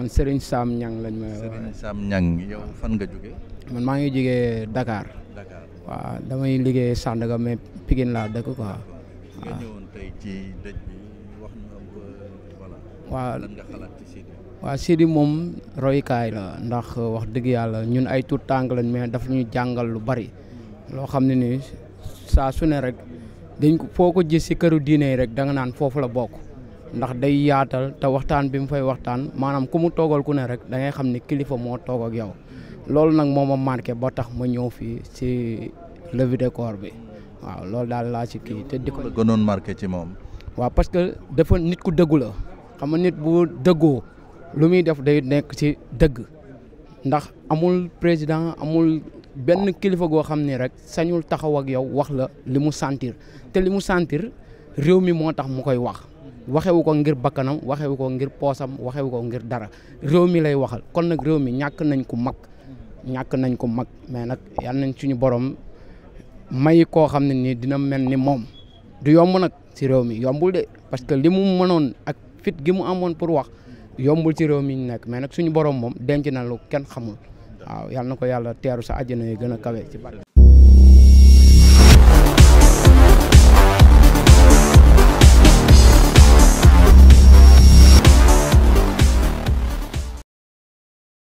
man Serigne Sam ñang lañ ma. Serigne Sam ñang yow fan nga joggé man ma ngi joggé Dakar. Dakar waaw damay liggéey Sandaga mais pigine la dekk quoi. nga ñëwoon tay ci dëj bi wax na voilà. wa lan nga xalat ci Sidi. wa Sidi mom roy kay la ndax wax dëgg yalla ñun ay tout tang lañ mais daf ñu jangal lu bari. lo xamni ni sa su ne rek dañ ko foko ko gis si këru diine rek da nga naan fofu la bokku ndax day yaatal te waxtaan bi mu fay waxtaan maanaam ku mu toogal ku ne rek da ngay xam ne kilifa moo toog ak yow loolu nag moo ma marqué ba tax ma ñëw fii si levi de corps bi waaw loolu daal laa ci kii te di ko gënoon marqué ci moom. waaw parce que dafa nit ku dëggu la xam nga nit bu dëggoo lu muy def day nekk ci dëgg ndax amul président amul benn kilifa goo xam ni rek sañul taxaw ak yow wax la li mu sentir te li mu sentir réew mi moo tax mu koy wax. waxewu ko ngir bakkanam waxewu ko ngir poosam waxewu ko ngir dara réew mi lay waxal kon nag réew mi ñàkk nañ ko mag ñàkk nañ ko mag mais nag yal nañ suñu borom may koo xam ne nii dina mel ni moom du yomb nag ci réew mi yombul de parce que li mu mënoon ak fit gi mu amoon pour wax yombul ci réew mi ñu nekk mais nag suñu borom moom denc na lu kenn xamul waaw yal na ko yàlla teeru sa àjjana yi gën a kawe ci barke